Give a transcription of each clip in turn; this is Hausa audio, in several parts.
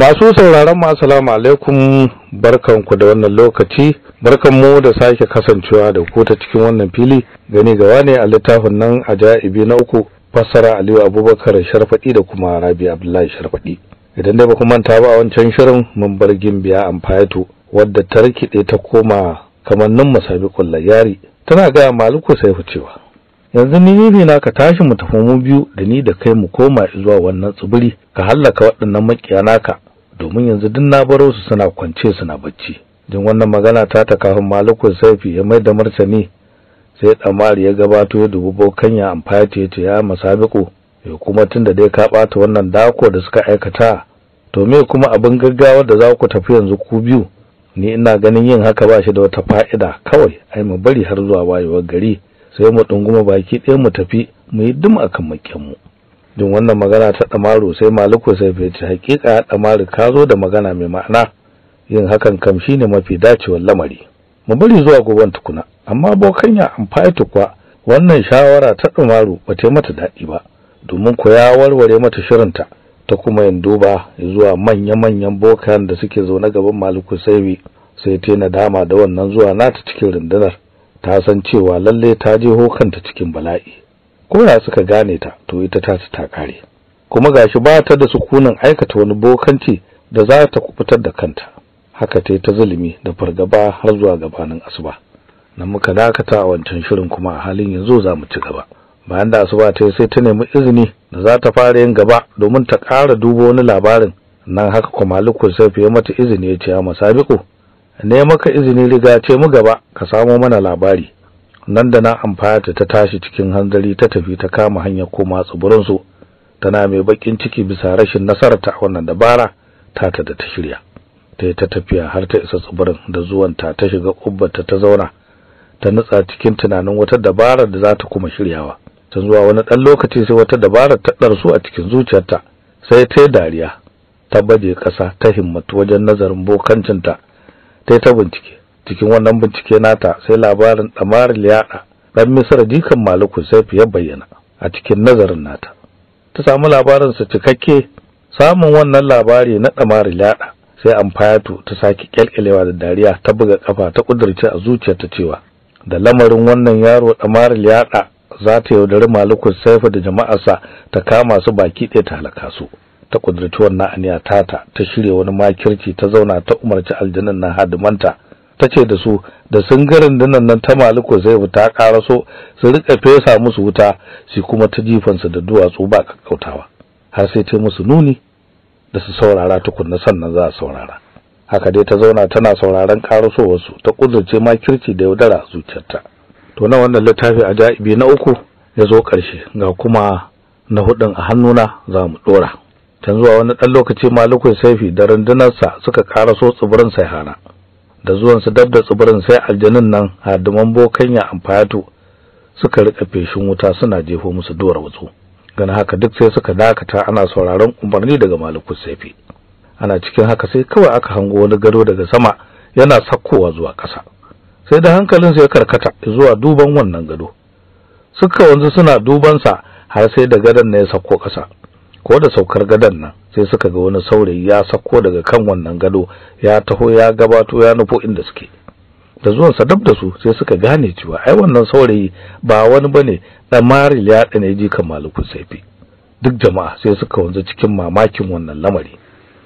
Masu sauraron ma salama alaikum barkanku da wannan lokaci barkanmu da sake kasancewa da ku ta cikin wannan fili gani gawa ne a littafin nan ajaibi na uku fassara Aliyu Abubakar Sharfadi da kuma Rabi Abdullahi Sharfadi idan dai ba ku manta ba a wancan shirin mun bar gimbiya fayato wadda ta rikide ta koma kamannin masabiqul yari. tana ga sai fa cewa yanzu ni ne na ka tashi mu tafi mu biyu da ni da kai mu koma zuwa wannan tsibiri ka hallaka waɗannan makiya naka domin yanzu duk na baro su suna kwance suna bacci jin wannan magana ta ta kafin malikul saifi ya mai da martani sai damari ya gabato ya dubi bokan ya ya ce ya masabiku ya kuma tunda dai ka bata wannan dako da suka aikata to me kuma abin gaggawa da za ku tafi yanzu ku biyu ni ina ganin yin haka ba shi da wata fa'ida kawai ai mu bari har zuwa wayewar gari sai mu dunguma baki ɗaya mu tafi mu yi dum akan makiyan mu jin wannan magana ta ɗamaru sai maliku sai bai ce hakika damaru ka zo da magana mai ma'ana yin hakan kam ne mafi dacewar lamari mu bari zuwa goben tukuna amma ya amfani tukwa wannan shawara ta ɗamaru ba ta mata daɗi ba domin ku ya warware mata shirinta ta kuma yin duba zuwa manya-manyan bokan da suke zaune gaban maliku saiwi sai ta nadama da wannan zuwa nata cikin rundunar ta san cewa lalle ta je hokanta cikin bala'i ko suka gane ta to ita ta su ta kare kuma gashi ba ta da sukunin aikata wani bokanci da za ta kufutar da kanta haka ta yi ta zulumi da fargaba har zuwa gabanin asuba nan muka dakata a wancan shirin kuma a halin yanzu za mu ci gaba bayan da asuba ta yi, sai ta nemi izini da za ta fara yin gaba domin ta ƙara dubo wani labarin nan haka kuma Aliko Safi ya mata izini ya ce ya masabiku ne maka izini riga ce mu gaba ka samo mana labari nan da na amfaya ta tashi cikin hanzari ta tafi ta kama hanyar koma tsibirin su tana mai bakin ciki bisa rashin nasarar ta wannan dabara ta ta da ta shirya ta ta tafiya har ta isa tsibirin da zuwan ta ta shiga kubbarta ta ta zauna ta nutsa cikin tunanin wata dabara da za ta kuma shiryawa ta zuwa wani dan lokaci sai wata dabara ta darsu a cikin zuciyarta sai ta yi dariya ta baje ƙasa ta himmatu wajen nazarin bokancinta ta ta bincike cikin wannan bincike nata sai labarin damar liyada dan misra jikan maliku sai bayyana a cikin nazarin nata ta samu labarin sa cikakke samun wannan labari na damar liyada sai amfayatu ta saki kyalkyalewa da dariya ta buga kafa ta kudurce a zuciyarta cewa da lamarin wannan yaro damar liyada za ta yaudari malikul da da jama'arsa ta kama su baki ɗaya ta halaka su ta kudurci wannan aniya tata ta shirya wani makirci ta zauna ta umarci aljanin na hadimanta ta ce da su da sun ga dinnan nan ta maliku zai ta so su rika fesa musu wuta shi kuma ta jifansu da duwatsu ba kakkautawa har sai ta musu nuni da su saurara tukunna sannan za a saurara haka dai ta zauna tana sauraron karasowarsu ta kudurce kirki da yaudara zuciyarta to na wannan littafi a ja'ibi na uku ya zo ƙarshe ga kuma na hudun a hannuna za mu dora can zuwa wani ɗan lokaci malikun saifi da rundunarsa suka karaso tsibirin hana. da zuwansu dab da tsibirin sai aljanun nan bokan ya amfato suka rika feshin wuta suna jefo musu dora wutsu gana haka duk sai suka dakata ana sauraron umarni daga maliku saifi ana cikin haka sai kawai aka hango wani gado daga sama yana sakkowa zuwa ƙasa sai da hankalin sai karkata zuwa duban wannan gado suka wanzu suna dubansa har sai da gadon ne ya sakko ƙasa ko da saukar gadon nan sai suka ga wani saurayi ya sako daga kan wannan gado ya taho ya gabato ya nufo inda suke da zuwan sa dab da su sai suka gane cewa ai wannan saurayi ba wani bane dan Maril ya dane jikan Malikul Saifi duk jama'a sai suka wanzu cikin mamakin wannan lamari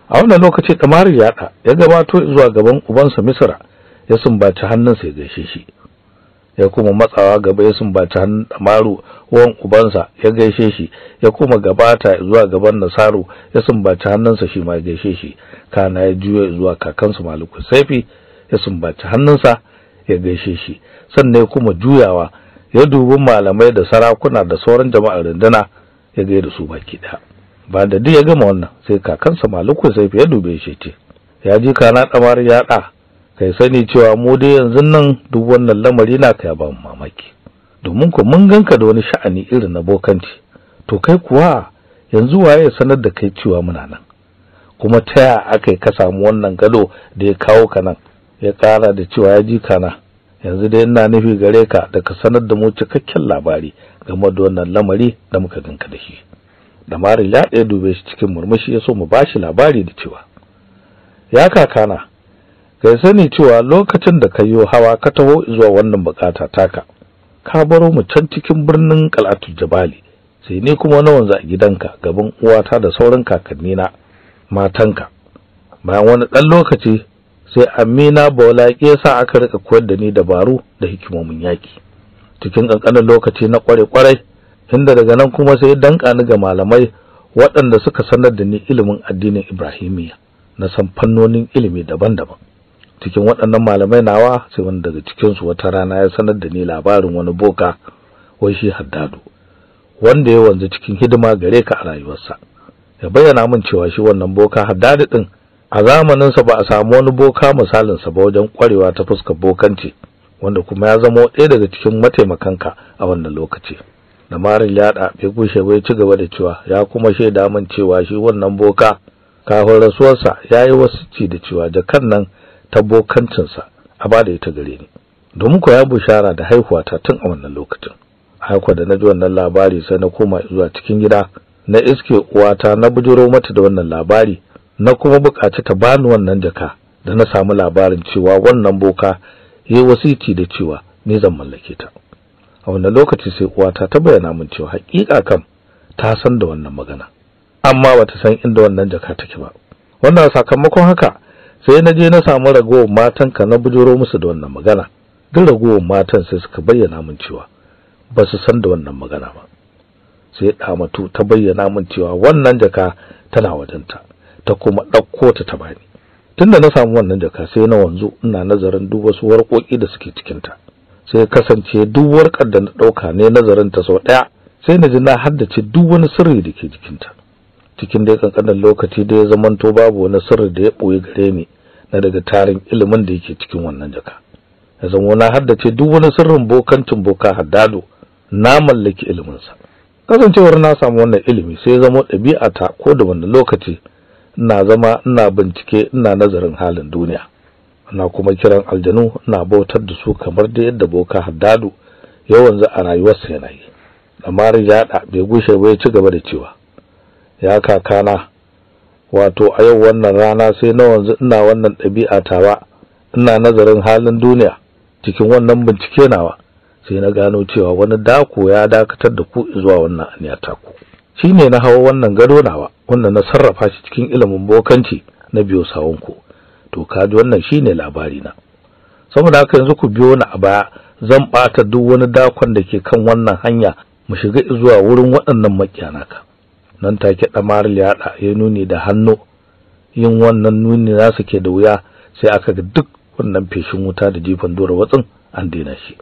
a wannan lokaci Kamaril ya ya gabato zuwa gaban ubansa Misra ya sumbaci hannunsa ya gaishe shi ya kuma matsawa gaba ya sumbaci hannun wan ubansa ya gaishe shi ya kuma gabata zuwa gaban nasaru ya sumbaci hannunsa shi ma gaishe shi kana ya juya zuwa kakansu maliku saifi ya sumbaci hannunsa ya gaishe shi sannan ya kuma juyawa ya dubi malamai da sarakuna da sauran jama'ar runduna ya gaida su baki ɗaya. ba da duk ya gama wannan sai kakansa maliku saifi ya dube shi ce ya ji kana ɗamar ya da kai sani cewa mu dai yanzu nan duk wannan lamari na kai ba mamaki domin ku mun ganka da wani sha'ani irin na bokanci to kai kuwa yanzu waye sanar da kai cewa muna nan kuma taya akai ka samu wannan gado da ya kawo ka nan ya ƙara da cewa ya ji kana yanzu dai ina nufi gare ka da ka sanar da mu cikakken labari game da wannan lamari da muka ganka da shi da mari ya dube shi cikin murmushi ya so mu bashi labari da cewa ya kakana ka sani cewa lokacin da ka yi hawa ka taho zuwa wannan bukata taka ka baro mu can cikin birnin kal'atu jabali sai ni kuma na wanzu a gidanka gaban uwata da sauran kakannina matanka bayan wani ɗan lokaci sai amina bola ya sa aka rika koyar da ni dabaru da hikimomin yaki cikin ƙanƙanin lokaci na ƙware ƙwarai inda daga nan kuma sai danka ni ga malamai waɗanda suka sanar da ni ilimin addinin Ibrahimiyya na san fannonin ilimi daban-daban cikin waɗannan malamai nawa sai wani daga cikinsu wata rana ya sanar da ni labarin wani boka wai shi haddado wanda ya wanzu cikin hidima gare ka a rayuwarsa ya bayyana min cewa shi wannan boka haddado din a zamaninsa ba a samu wani boka misalinsa ba wajen kwarewa ta fuskar bokanci wanda kuma ya zama ɗaya daga cikin mataimakanka a wannan lokaci lamarin yaɗa bai gushe bai ci gaba da cewa ya kuma shaida min cewa shi wannan boka kafin rasuwarsa ya yi wasu ci da cewa da kan nan ta a a bada ita gare ni domin ko ya bushara da haihuwata tun a wannan lokacin haka da na ji wannan labari sai na koma zuwa cikin gida na iske uwata na bujiro mata da wannan labari na kuma buƙaci ta bani wannan jaka da na samu labarin cewa wannan boka yi wasiti da cewa ni zan mallake ta a wannan lokaci sai uwata ta bayyana min cewa haƙiƙa kam ta san da wannan magana amma bata san inda wannan jaka take ba wannan sakamakon haka sai na je na samu ragowar matan ka na bujuro musu da wannan magana duk ragowar matan sai suka bayyana min cewa ba su san da wannan magana ba sai damatu ta bayyana min cewa wannan jaka tana wajenta ta kuma ɗauko ta ta bani tunda na samu wannan jaka sai na wanzu ina nazarin duk wasu warƙoƙi da suke cikin ta sai kasance duk warkar da na ɗauka ne nazarin ta sau ɗaya sai na ji na haddace duk wani sirri da ke jikinta cikin dai kankanin lokaci da ya zamanto babu wani sirri da ya boye gare ni na daga tarin ilimin da yake cikin wannan jaka ya zama na haddace duk wani sirrin bokancin boka haddado na mallaki iliminsa kasancewar na samu wannan ilimi sai ya zama ta ko da wani lokaci ina zama ina bincike ina nazarin halin duniya ina kuma kiran aljanu ina bautar da su kamar da yadda boka haddado ya wanzu a rayuwarsa yana yi amma rijada bai gushe ba ya ci gaba da cewa ya kakana wato a yau wannan rana sai na wanzu ina wannan ɗabi'a tawa ina nazarin halin duniya cikin wannan bincike nawa sai na gano cewa wani dako ya dakatar da ku zuwa wannan aniya taku ne na hawa wannan gado nawa wanda na sarrafa shi cikin ilimin bokanci na biyo sawunku to ka ji wannan shine labari na saboda haka yanzu ku biyo ni a baya zan ɓata duk wani dakon da ke kan wannan hanya mu shiga zuwa wurin waɗannan makiyana ka nan take ɗamar liyaɗa ya nuni da hannu yin wannan nuni su ke da wuya sai aka ga duk wannan feshin wuta da jifan dora watsin an daina shi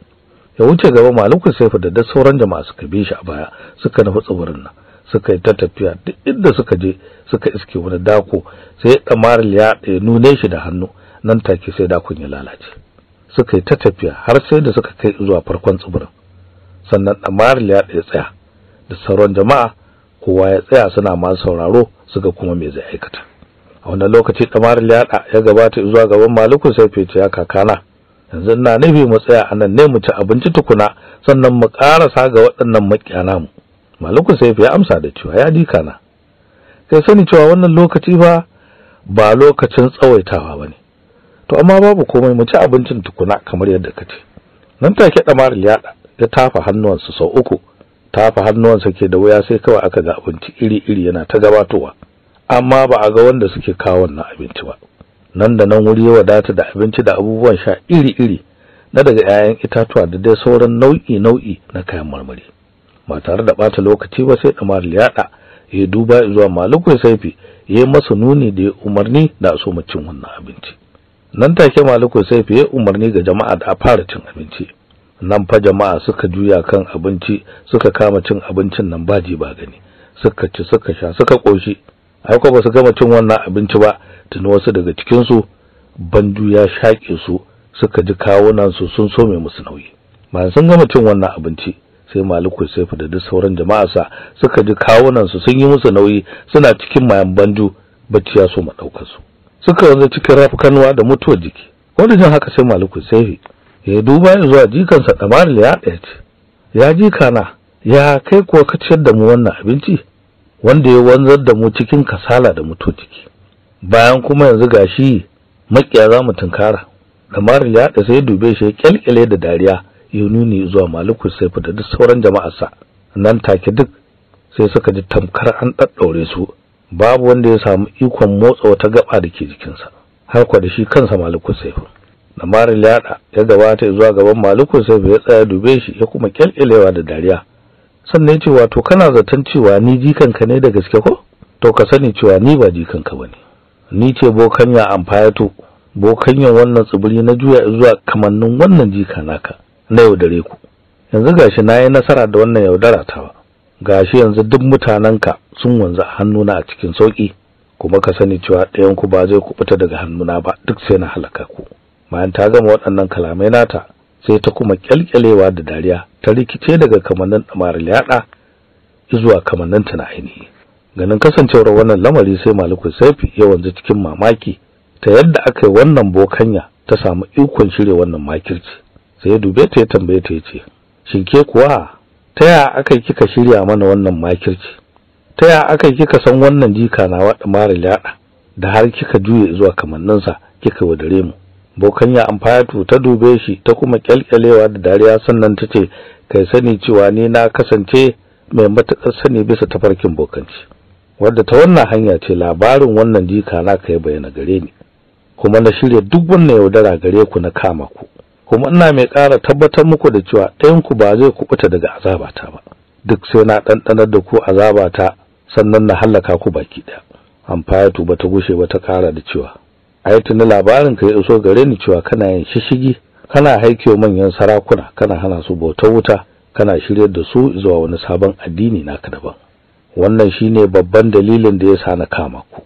ya wuce gaba malikun saifu da da sauran jama'a suka bi shi a baya suka nufi tsibirin nan suka yi ta tafiya duk inda suka je suka iske wani dako sai ɗamar liyaɗa ya nune shi da hannu nan take sai dakon ya lalace suka yi ta tafiya har sai da suka kai zuwa farkon tsibirin sannan ɗamar liyaɗa ya tsaya da sauran jama'a kowa ya tsaya suna masu sauraro suka kuma me zai aikata a wannan lokaci damarin ya ya gabata zuwa gaban maliku sai fece ya kakana yanzu ina nufi mu tsaya anan ne mu ci abinci tukuna sannan mu karasa ga waɗannan makiyana mu maliku sai ya amsa da cewa ya dika na kai sani cewa wannan lokaci ba ba lokacin tsawaitawa ba ne. to amma babu komai mu ci abincin tukuna kamar yadda ka ce. nan take damarin ya ya tafa hannuwansa sau uku tafa hannuwansa ke da wuya sai kawai aka ga abinci iri-iri yana ta gabatowa amma ba a ga wanda suke kawo wannan abinci ba nan da nan wuri ya wadata da abinci da abubuwan sha iri-iri na daga 'ya'yan itatuwa da dai sauran nau'i-nau'i na kayan marmari ba tare da bata lokaci ba sai ɗamar liyaɗa ya duba zuwa malukun saifi ya masa nuni da ya umarni da a so cin wannan abinci nan take malukun saifi ya umarni ga jama'a da a fara cin abinci nan fa jama'a suka juya kan abinci suka kama cin abincin nan baji ba gani suka ci suka sha suka koshi ai ko ba su gama cin wannan abinci ba tuni wasu daga cikin su bandu ya shaƙe su suka ji kawunan su sun so me musu nauyi bayan sun gama cin wannan abinci sai maliku saifu da duk sauran jama'a sa suka ji kawunan su sun yi musu nauyi suna cikin mayan bandu bacci ya so ma daukar su suka wanzu cikin rafukanwa da mutuwar jiki wanda jin haka sai maliku saifu ya duba zuwa jikansa Kamal ya ce ya jika na ya kai kuwa ka ciyar da mu wannan abinci wanda ya wanzar da mu cikin kasala da mutu ciki bayan kuma yanzu gashi makiya za mu tunkara Kamar ya ɗaya sai dube shi ya kyalkyale da dariya ya nuni zuwa Maliku Saifu da duk sauran jama'arsa nan take duk sai suka ji tamkar an ɗaɗɗaure su babu wanda ya samu ikon motsa wata gaba da ke jikinsa har kwa da shi kansa Maliku Saifu marin liyada ya gabata zuwa gaban maluku sai ya tsaya dube shi ya kuma kyalkyalewa da dariya sannan ya ce wato kana zaton cewa ni jikanka ne da gaske ko to ka sani cewa ni ba jikanka bane ni ce bokanya amfayato bokanyan wannan tsibiri na juya zuwa kamannin wannan jika naka na yaudare ku yanzu gashi na yi nasara da wannan yaudara tawa gashi yanzu duk mutanenka sun wanzu a hannuna a cikin sauki kuma ka sani cewa ɗayan ku ba zai kubuta daga hannuna ba duk sai na halaka ku bayan ta gama waɗannan kalamai nata sai ta kuma kyalkyalewa da dariya ta rikice daga kamannin damar liyada zuwa kamannin ta na ainihi ganin kasancewar wannan lamari sai maliku saifi ya wanzu cikin mamaki ta yadda aka yi wannan bokanya ta samu ikon shirya wannan makirci sai ya dube ta ya tambaye ta ce shin ke kuwa ta ya aka kika shirya mana wannan makirci ta ya aka kika san wannan jika nawa mara liyada da har kika juye zuwa kamanninsa kika wadare mu bokan bokanya amfayatu ta dube shi ta kuma kyalkyalewa da dariya sannan ta ce kai sani cewa ni na kasance mai matuƙar sani bisa tafarkin bokanci wadda ta wannan hanya ce labarin wannan jika na kai bayyana gare ni kuma na shirya duk wannan yaudara gare ku na kama ku kuma ina mai ƙara tabbatar muku da cewa ɗayanku ba zai kubuta daga azabata ba duk sai na ɗanɗanar da ku azabata sannan na hallaka ku baki ɗaya amfayatu ba ta gushe ba ta ƙara da cewa a yi tuni labarin ka ya iso gare ni cewa kana yin shishigi kana haikewa manyan sarakuna kana hana su bautar wuta kana shiryar da su zuwa wani sabon addini naka daban wannan shine babban dalilin da ya sa na kama ku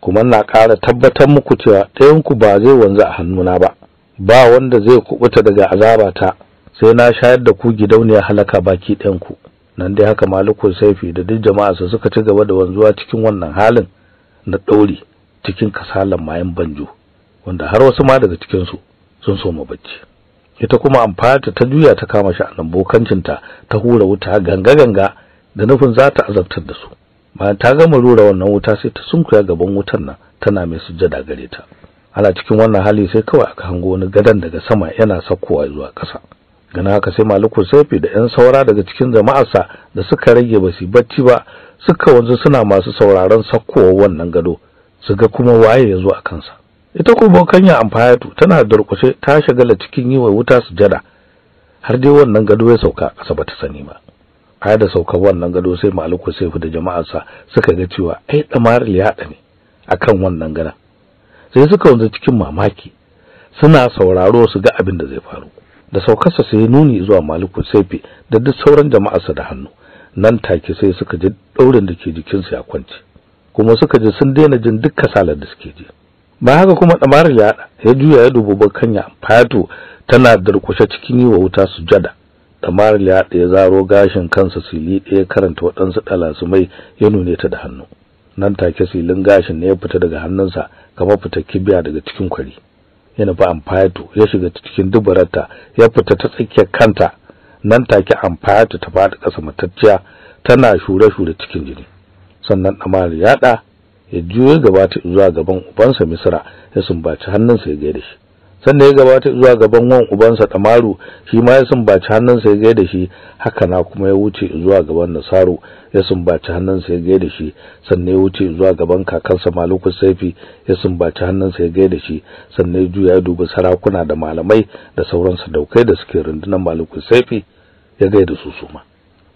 kuma na ƙara tabbatar muku cewa ɗayanku ba zai wanzu a hannuna ba ba wanda zai kubuta daga azabata sai na shayar da ku gidauniyar halaka baki ɗayanku nan dai haka malikul saifi da duk jama'a su suka ci gaba da wanzuwa cikin wannan halin na ɗauri cikin kasalan mayan banjo wanda har wasu ma daga cikin su sun soma bacci ita kuma amfata ta juya ta kama shi a bokancinta ta hura wuta ganga ganga da nufin za ta azabtar da su bayan ta gama rura wannan wuta sai ta sunkuya gaban wutar nan tana mai sujjada gare ta ana cikin wannan hali sai kawai aka hango wani gadan daga sama yana sakkowa zuwa ƙasa gana haka sai maliku sefi da yan saura daga cikin jama'arsa da suka rage ba su bacci ba suka wanzu suna masu sauraron sakkowar wannan gado su ga kuma waye ya zo a kansa ita ko bokanya amfayatu tana durkushe ta shagala cikin yi wa wuta sujada har dai wannan gado ya sauka ƙasa bata sani ba ai da sauka wannan gado sai maliku sai da jama'arsa suka ga cewa ai damar liyada ne akan wannan gada sai suka wanzu cikin mamaki suna sauraro su ga abin da zai faru da saukarsa sai nuni zuwa maliku saifi da duk sauran jama'arsa da hannu nan take sai suka ji daurin da ke jikinsa ya kwance kuma suka ji sun daina jin duk kasalar da suke ji ba haka kuma ɗamar ya ya juya ya dubo bakanya fato tana durkushe cikin yi wa wuta jada ɗamar ya ya zaro gashin kansa sili ɗaya karanta waɗansu mai ya nune ta da hannu nan take silin gashin ne ya fita daga hannunsa kamar fita kibiya daga cikin kwari yana ba amfato ya shiga cikin dubararta ya fita ta tsakiyar kanta nan take amfato ta faɗi ƙasa matacciya tana shure-shure cikin jini sannan ɗamar ya da ya juya gabata zuwa gaban ubansa misra ya sumbaci hannunsa ya gaida shi sannan ya gabata zuwa gaban wan ubansa ɗamaru shi ma ya sumbaci hannunsa ya gaida shi haka na kuma ya wuce zuwa gaban nasaru ya sumbaci hannunsa ya gaida shi sannan ya wuce zuwa gaban kakansa maluku saifi ya sumbaci hannunsa ya gaida shi sannan ya juya ya dubi sarakuna da malamai da sauran sadaukai da suke rundunar maluku saifi ya gaida su suma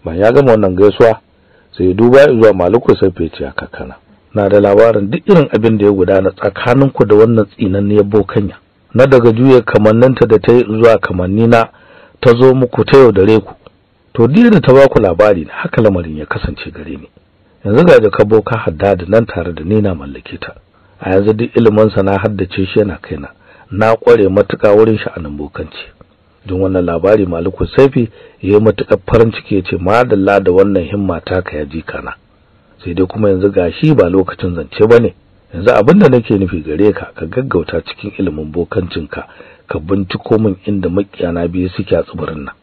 bayan ya gama wannan gaisuwa sai duba zuwa maliku sai fice ya kakana na da labarin duk irin abin da ya gudana tsakanin ku da wannan tsinanniya bokanya na daga juya kamanninta da ta yi zuwa kamannina ta zo muku ta yaudare ku to duk da ta ba ku labari haka lamarin ya kasance gare ni yanzu ga jaka boka haddada nan tare da ni na mallake ta a yanzu duk ilimin sa na haddace shi yana kaina na kware matuka wurin sha'anin bokanci don wannan labari maliku Saifi ya yi matuƙar farin ciki ya ce madalla da wannan himma ta ka yaji kana sai dai kuma yanzu gashi ba lokacin zance ba ne, yanzu abin da nake nufi gare ka ka gaggauta cikin ilimin bokancinka ka binciko min inda makiyana biyu suke a tsibirin nan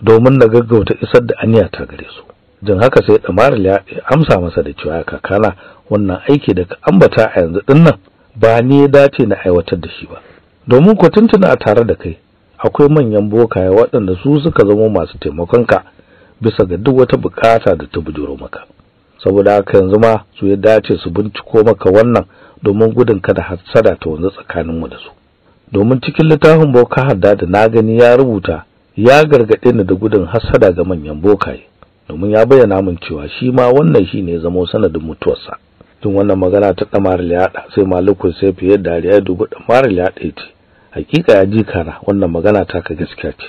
domin na gaggauta isar da aniya ta gare su don haka sai damar ya amsa masa da cewa kakana wannan aiki da ka ambata a yanzu dinnan, nan ba ni ya dace na aiwatar da shi ba domin ku tuntuna a tare da kai akwai manyan bokaye waɗanda su suka zama masu taimakonka bisa ga duk wata bukata da ta bujuro maka saboda haka yanzu ma su ya dace su binciko maka wannan domin gudun kada hasada ta wanzu mu da su domin cikin littafin boka hadda da na gani ya rubuta ya gargaɗe ni da gudun hasada ga manyan bokaye domin ya bayyana min cewa shi ma wannan shi ne zamo sanadin mutuwarsa tun wannan magana ta ɗamar liyada sai malikun sai fiye da dariya dubu ɗamar liyaɗa ya ce hakika ya jika na wannan magana ta ka gaskiya ce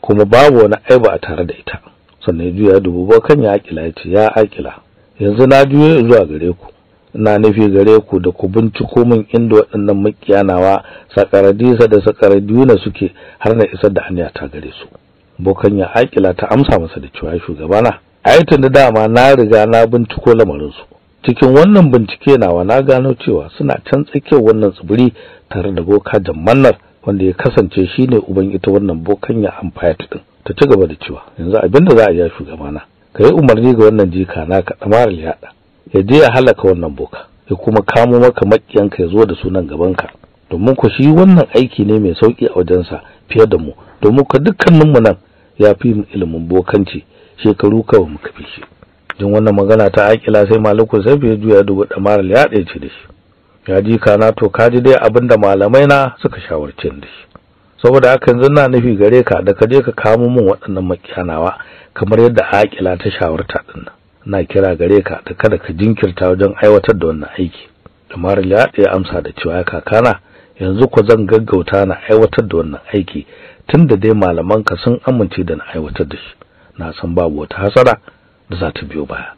kuma babu wani aiba a tare da ita sannan juya dubu kan ya akila ya ce ya akila yanzu na juya zuwa gare ku ina nufi gare ku da ku binciko min inda waɗannan makiyanawa sakaradisa da sakaradiyuna suke har na isar da hanya ta gare su bokan ya akila ta amsa masa da cewa shugabana a yi tunda dama na riga na binciko lamarin su cikin wannan bincike nawa na gano cewa suna can tsakiyar wannan tsibiri tare da boka jammanar wanda ya kasance shine uban ita wannan bokan ya amfaya ta ta ci gaba da cewa yanzu abinda za a yi shugabana ka yi umarni ga wannan jika naka damar yada ya je ya halaka wannan boka ya kuma kamo maka makiyanka ya zo da sunan gabanka domin ku shi wannan aiki ne mai sauki a wajensa fiye da mu domin ka dukkaninmu nan ya fi mu ilimin bokanci shekaru kawai muka fi shi jin wannan magana ta akila sai maliku sai ya juya dubu mara ya ci da shi ya ji kana to ka ji dai abin da malamai na suka shawarce da shi saboda haka yanzu na nufi gare ka da ka je ka kamo min waɗannan makiyanawa kamar yadda akila ta shawarta din na kira gare ka da kada ka jinkirta wajen aiwatar da wannan aiki Da damaral ya amsa da cewa 'Ya kakana yanzu ku zan gaggauta na aiwatar da wannan aiki tunda dai malamanka sun amince da na aiwatar da shi na san babu wata hasara da za ta biyo baya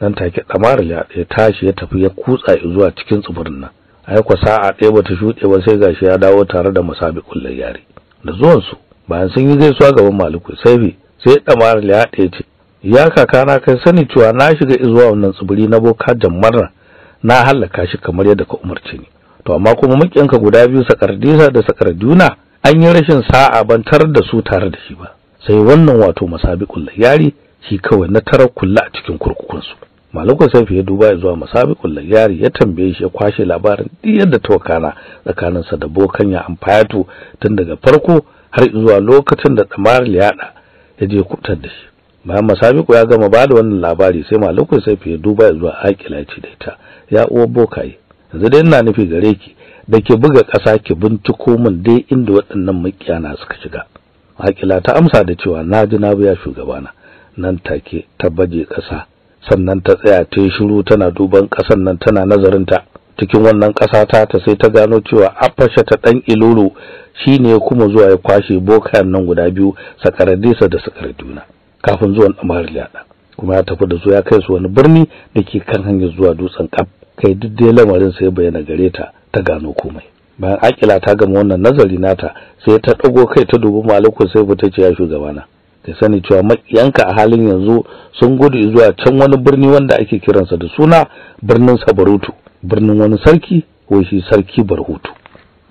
nan take damarar ya ɗaya tashi ya tafi ya kutsa zuwa cikin tsibirin nan Ai kwa sa'a ɗaya bata shuɗe ba sai gashi ya dawo tare da musabiqul layyari da zuwan su bayan sun yi gaisuwa gaban maliku sai sai damarar ya ɗaya ce ya na kai sani cewa na shiga zuwa wannan tsibiri na boka jammarra na halaka shi kamar yadda ka umarce ni to amma kuma mukinka guda biyu sakardisa da sakarduna an yi rashin sa'a bantar da su tare da shi ba sai wannan wato musabiqul layyari shi kawai na tarar kulla a cikin kurkukunsu malakun sai ya duba zuwa musabiqul Yari ya tambaye shi ya kwashe labarin diyar da tawakana tsakaninsa da bokan ya amfayatu tun daga farko har zuwa lokacin da tsamar liyada ya je kubtar da shi bayan ku ya gama bada wannan labari sai malakun sai ya duba ya zuwa akila ya ce da ita ya uwa bokaye yanzu dai ina nufi gare ki da ke buga ƙasa ki binciko min dai inda waɗannan makiyana suka shiga akila ta amsa da cewa na ji na biya shugabana nan take ta baje ƙasa sannan ta tsaya ta yi shiru tana duban ƙasan nan tana nazarin ta. cikin wannan ƙasa ta ta sai ta gano cewa afasha ta ɗan ilulu shine kuma zuwa ya kwashe bokayen nan guda biyu sakaradisa da sakaraduna kafin zuwan ɗamar liyaɗa kuma ya tafi da su ya kai su wani birni da ke kan hanyar zuwa dutsen kaf kai duk dai lamarin sai bayyana gare ta ta gano komai bayan akila ta gama wannan nazari nata sai ta ɗago kai ta dubi malikun sai ta ce ya shugabana ka sani cewa makiyanka a halin yanzu sun gudu zuwa can wani birni wanda ake kiransa da suna birnin sabarutu birnin wani sarki wai shi sarki barhutu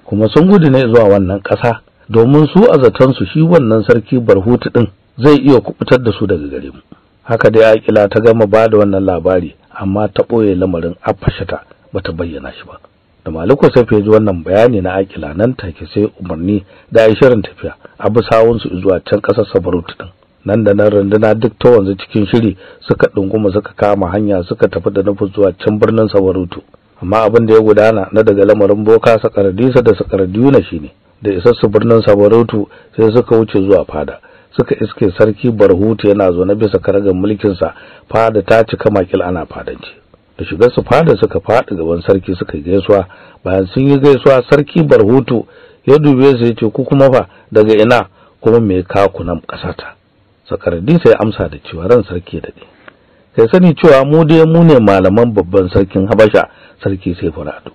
kuma sun gudu ne zuwa wannan ƙasa domin su a zatansu shi wannan sarki barhutu ɗin zai iya kuɓutar da su daga gare mu haka dai akila ta gama ba da wannan labari amma ta ɓoye lamarin afashata bata bayyana shi ba da maliko sai ya ji wannan bayani na akila nan take sai umarni da ai shirin tafiya abu su zuwa can ƙasar sabarut din nan da nan runduna duk ta wanzu cikin shiri suka dunguma suka kama hanya suka tafi da nufin zuwa can birnin sabarutu amma abin da ya gudana na daga lamarin boka sakaradisa da sakaradiyuna shine da isar su birnin sabarutu sai suka wuce zuwa fada suka iske sarki barhutu yana zo na bisa karagar mulkinsa fada ta cika makil ana fadanci da shiga su fada suka faɗi gaban sarki suka yi gaisuwa bayan sun yi gaisuwa sarki barhutu ya dube su ya ce ku kuma fa daga ina kuma me ka ku nan ƙasata sai ya amsa da cewa ran sarki da ne kai sani cewa mu dai mu ne malaman babban sarkin habasha sarki sai faratu.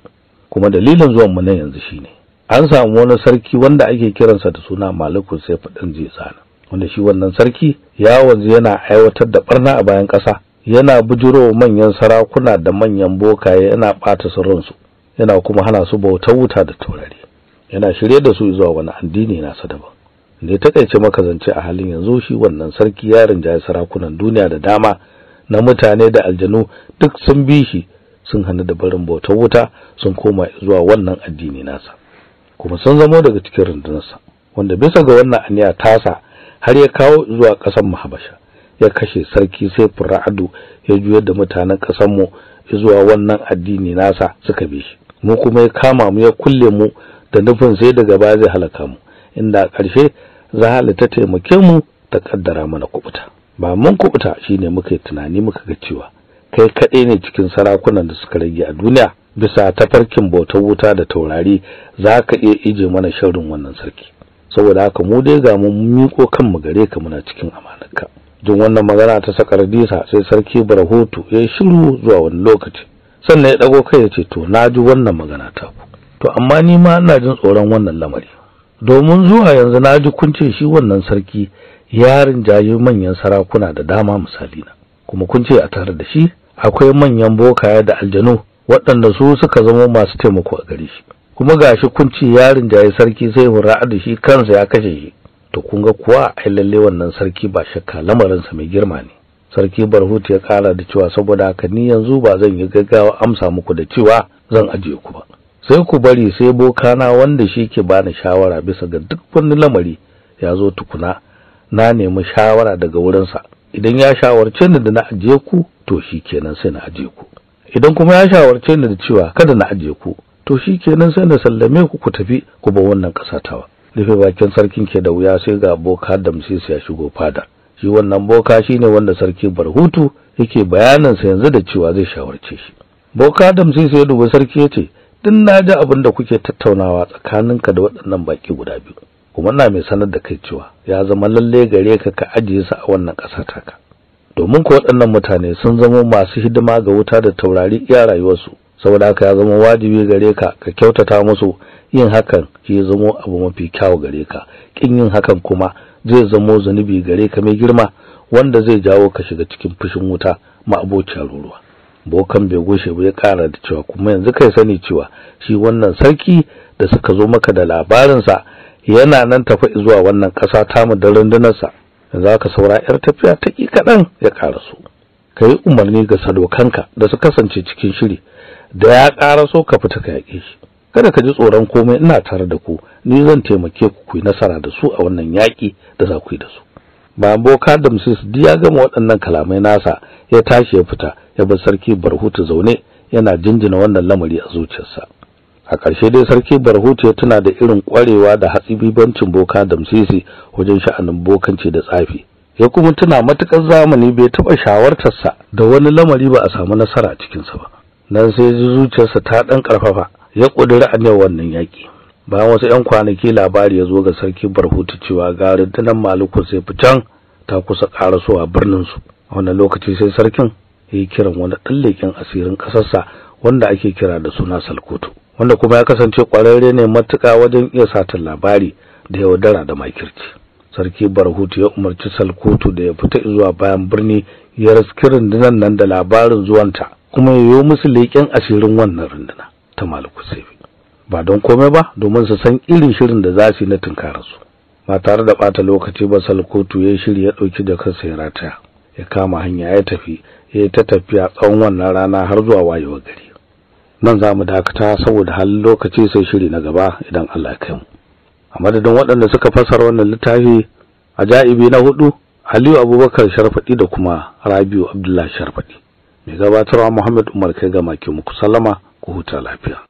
kuma dalilin zuwan mu nan yanzu shine an samu wani sarki wanda ake kiransa da suna maliku sai faɗin zai wanda shi wannan sarki ya wanzu yana aiwatar da barna a bayan ƙasa yana bujirowa manyan sarakuna da manyan bokaye yana ɓata su yana kuma hana su bautar wuta da taurari yana shirye da su zuwa wani addini nasa daban da ya takaice maka zance a halin yanzu shi wannan sarki ya rinjaye sarakunan duniya da dama na mutane da aljanu duk sun bi shi sun hana da barin bautar wuta sun koma zuwa wannan addini nasa kuma sun zamo daga cikin rundunarsa wanda bisa ga wannan aniya tasa har ya kawo zuwa ƙasar Mahabasha ya kashe sarki sai fura'adu ya juyar da mutanen ƙasanmu zuwa wannan addini nasa suka bi shi mu kuma ya kama mu ya kulle mu da nufin sai daga baya zai halaka mu inda a ƙarshe zahala ta taimake mu ta kaddara mana kubuta ba mun kubuta shine muka yi tunani muka ga cewa kai kaɗai ne cikin sarakunan da suka rage a duniya bisa tafarkin bautar wuta da taurari za ka iya ije mana sharrin wannan sarki saboda haka mu dai ga mun miko kanmu gare ka muna cikin amanarka jin wannan magana ta disa sai sarki barahoto ya yi shiru zuwa wani lokaci sannan ya dago kai ya ce to na ji wannan magana ta ku to amma ni ma ina jin tsoron wannan lamari domin zuwa yanzu na ji kun ce shi wannan sarki yarin jayi manyan sarakuna da dama misali na kuma kun ce a tare da shi akwai manyan bokaya da aljanu waɗanda su suka zama masu taimako a gare shi kuma gashi kun ce yarin jayi sarki sai hurra da shi kansa ya kashe shi to kun ga kuwa ai lalle wannan sarki ba shakka lamarinsa mai girma ne sarki barhut ya kara da cewa saboda haka ni yanzu ba zan yi gaggawa amsa muku da cewa zan ajiye ku ba sai ku bari sai na wanda shi ke bani shawara bisa ga duk wani lamari ya zo tukuna na nemi shawara daga wurinsa idan ya shawarce ni da na ajiye ku to shi kenan sai na ajiye ku idan kuma ya shawarce ni da cewa kada na ajiye ku to shi kenan sai na sallame ku ku tafi ku bar wannan ƙasa tawa rufe bakin sarkin ke da wuya sai ga boka damsis ya shigo fada shi wannan boka shine wanda sarki barhutu yake bayanin sa yanzu da cewa zai shawarce shi boka damsis ya dubi sarki yace din ji abin da kuke tattaunawa tsakaninka da waɗannan baki guda biyu kuma ina mai sanar da kai cewa ya zama lalle gare ka ka ajiye su a wannan ƙasa taka domin ko waɗannan mutane sun zama masu hidima ga wuta da taurari iya rayuwarsu saboda haka ya zama wajibi gare ka ka kyautata musu yin hakan ya zama abu mafi kyau gare ka kin yin hakan kuma zai zama zunubi gare ka mai girma wanda zai jawo ka shiga cikin fushin wuta ma'abocin ruruwa bokan bai goshe ba ya kara da cewa kuma yanzu kai sani cewa shi wannan sarki da suka zo maka da labarinsa yana nan tafi zuwa wannan ƙasa tamu da sa, yanzu ka saura yar tafiya ta ƙi kaɗan ya ƙara su ka yi umarni ga sadokanka da su kasance cikin shiri da ya ƙara so ka fita ka yaƙe shi kada ka ji tsoron komai ina tare da ku ni zan taimake ku ku yi nasara da su a wannan yaƙi da za ku yi da su bayan boka da mrs di ya gama waɗannan kalamai nasa ya tashi ya fita ya bar sarki barhutu zaune yana jinjina wannan lamari a zuciyarsa a ƙarshe dai sarki barhutu ya tuna da irin ƙwarewa da hatsibibancin boka da msisi wajen sha'anin bokanci da tsafi ya kuma tuna matuƙar zamani bai taɓa shawartarsa da wani lamari ba a samu nasara a cikinsa ba nan sai zuciyarsa ta ɗan karfafa ya ƙudiri a wannan yaki bayan wasu 'yan kwanaki labari ya zo ga sarki barhutu cewa ga rundunar maluku sai fitan ta kusa birnin su a wannan lokaci sai sarkin ya yi kiran wani ɗan leƙen asirin ƙasarsa wanda ake kira da suna salkutu wanda kuma ya kasance kwararre ne matuƙa wajen iya satan labari da yaudara da makirci sarki barhutu ya umarci salkutu da ya fita zuwa bayan birni ya riski rundunar nan da labarin zuwanta kuma ya yi musu leƙen asirin wannan runduna ta Maliku Sefi ba don komai ba domin su san irin shirin da za su yi na tunkarar su ba tare da ɓata lokaci ba salkotu ya shirya ɗauki da kansa ya rataya ya kama hanya ya tafi ya yi ta tafiya tsawon wannan rana har zuwa wayewar gari nan za mu dakata saboda har lokaci sai shiri na gaba idan Allah ya kai mu a madadin waɗanda suka fasara wannan littafi ja'ibi na hudu Aliyu Abubakar Sharfadi da kuma Rabiu Abdullahi Sharfadi mai gabatarwa Muhammad Umar kai ga maki muku sallama ku huta lafiya